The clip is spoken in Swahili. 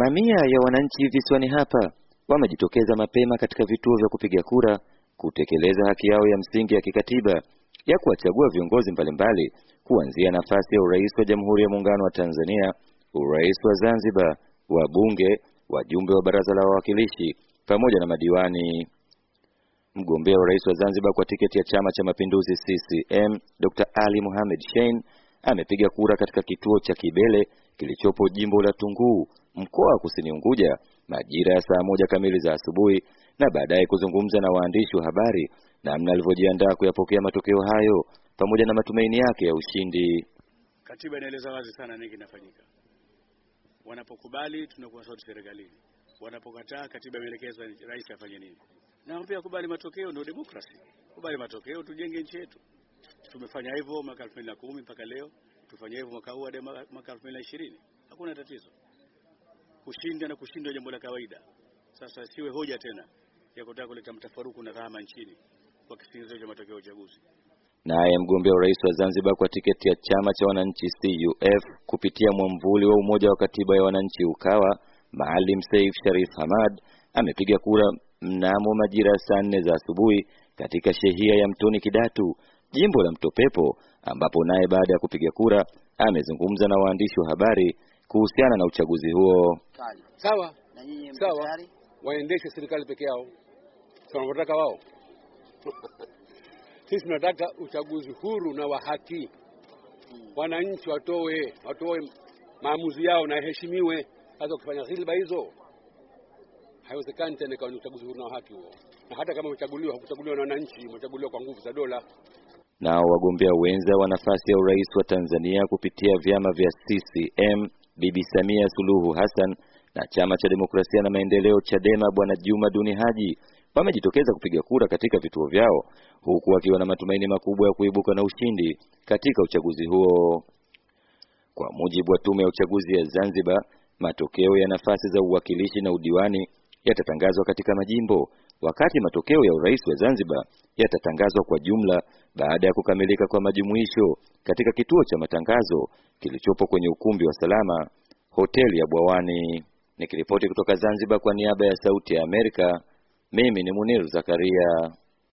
Mamia ya wananchi visiwani hapa wamejitokeza mapema katika vituo vya kupiga kura kutekeleza haki yao ya msingi ya kikatiba ya kuwachagua viongozi mbalimbali kuanzia nafasi ya urais wa Jamhuri ya Muungano wa Tanzania, urais wa Zanzibar, wabunge, wajumbe wa Baraza la Wawakilishi pamoja na madiwani. Mgombea urais wa Zanzibar kwa tiketi ya Chama cha Mapinduzi CCM, Dr. Ali Mohamed Shein amepiga kura katika kituo cha Kibele kilichopo jimbo la Tunguu mkoa wa Kusini Unguja majira ya saa moja kamili za asubuhi na baadaye kuzungumza na waandishi wa habari namna alivyojiandaa kuyapokea matokeo hayo pamoja na matumaini yake ya ushindi. Katiba inaeleza wazi sana nini kinafanyika. Wanapokubali tunakuwa sauti serikalini, wanapokataa katiba imeelekeza rais afanye nini. Na pia kubali matokeo, ndio demokrasi. Kubali matokeo, tujenge nchi yetu. Tumefanya hivyo mwaka 2010 mpaka leo, tufanye hivyo mwaka huu hadi mwaka 2020, hakuna tatizo kushinda na kushindwa jambo la kawaida. Sasa siwe hoja tena ya kutaka kuleta mtafaruku na dhama nchini kwa kisingizio cha matokeo ya uchaguzi. Naye mgombea wa urais wa Zanzibar kwa tiketi ya chama cha wananchi CUF kupitia mwamvuli wa Umoja wa Katiba ya Wananchi Ukawa, Maalim Seif Sharif Hamad amepiga kura mnamo majira ya saa nne za asubuhi katika shehia ya Mtoni Kidatu, jimbo la Mtopepo, ambapo naye baada ya kupiga kura amezungumza na waandishi wa habari kuhusiana na uchaguzi huo. Sawa, sawa, waendeshe serikali peke yao wanavyotaka wao. Sisi tunataka uchaguzi huru na wa haki. Hmm. Wananchi watoe watoe maamuzi yao na heshimiwe. Sasa ukifanya ghilba hizo haiwezekani tena ikawa ni uchaguzi huru na wa haki huo, na hata kama umechaguliwa, hakuchaguliwa na wananchi, umechaguliwa kwa nguvu za dola. Nao wagombea wenza wa nafasi ya urais wa Tanzania kupitia vyama vya CCM Bibi Samia Suluhu Hassan na chama cha demokrasia na maendeleo Chadema Bwana Juma Duni Haji wamejitokeza kupiga kura katika vituo vyao huku wakiwa na matumaini makubwa ya kuibuka na ushindi katika uchaguzi huo. Kwa mujibu wa tume ya uchaguzi ya Zanzibar, matokeo ya nafasi za uwakilishi na udiwani yatatangazwa katika majimbo wakati matokeo ya urais wa Zanzibar yatatangazwa kwa jumla baada ya kukamilika kwa majumuisho katika kituo cha matangazo kilichopo kwenye ukumbi wa Salama, hoteli ya Bwawani. Nikiripoti kutoka Zanzibar kwa niaba ya Sauti ya Amerika, mimi ni Munir Zakaria.